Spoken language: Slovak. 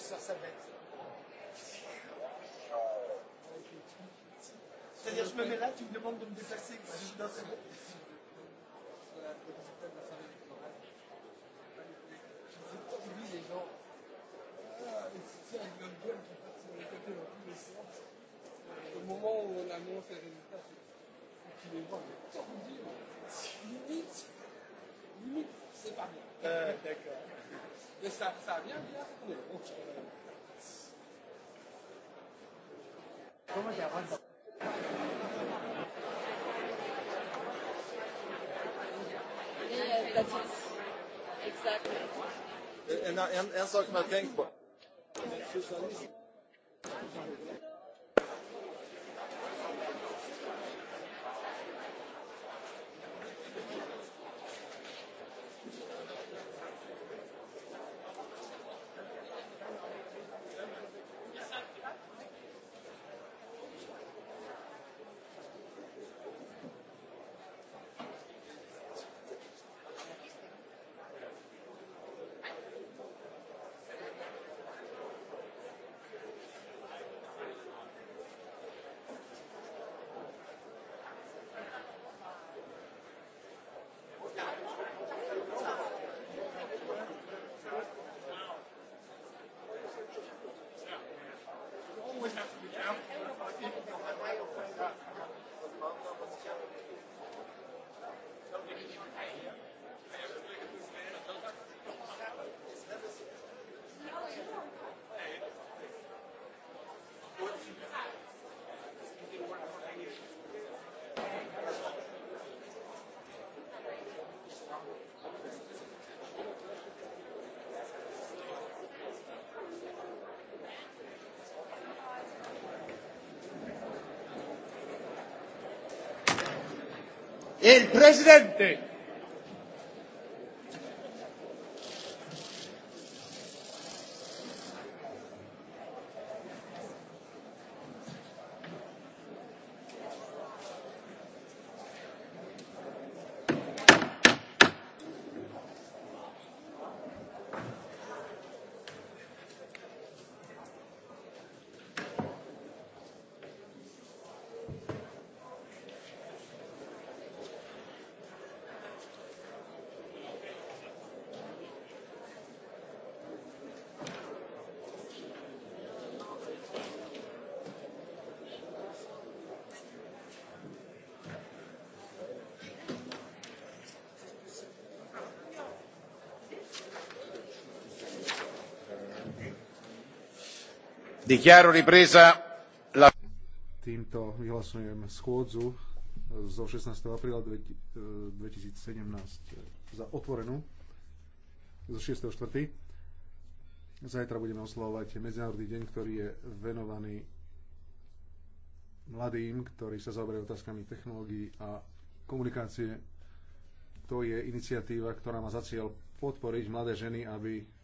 sur sa bête. C'est-à-dire, je me mets là, tu me demandes de me déplacer. Je suis dans ce bête. Lui, les gens, Au moment où on annonce les résultats, c'est qu'il les voit, mais tordu, limite, limite C'est pas bien. Euh, D'accord. Mais ça, ça a bien bien tourné. ¿Cómo te aguantas? Yeah, that is exactly. and en, en sak som jag tänkt El presidente. Dichiaro ripresa la... Týmto vyhlasujem schôdzu zo 16. apríla 2017 za otvorenú zo 6.4. Zajtra budeme oslovovať Medzinárodný deň, ktorý je venovaný mladým, ktorí sa zaoberajú otázkami technológií a komunikácie. To je iniciatíva, ktorá má za cieľ podporiť mladé ženy, aby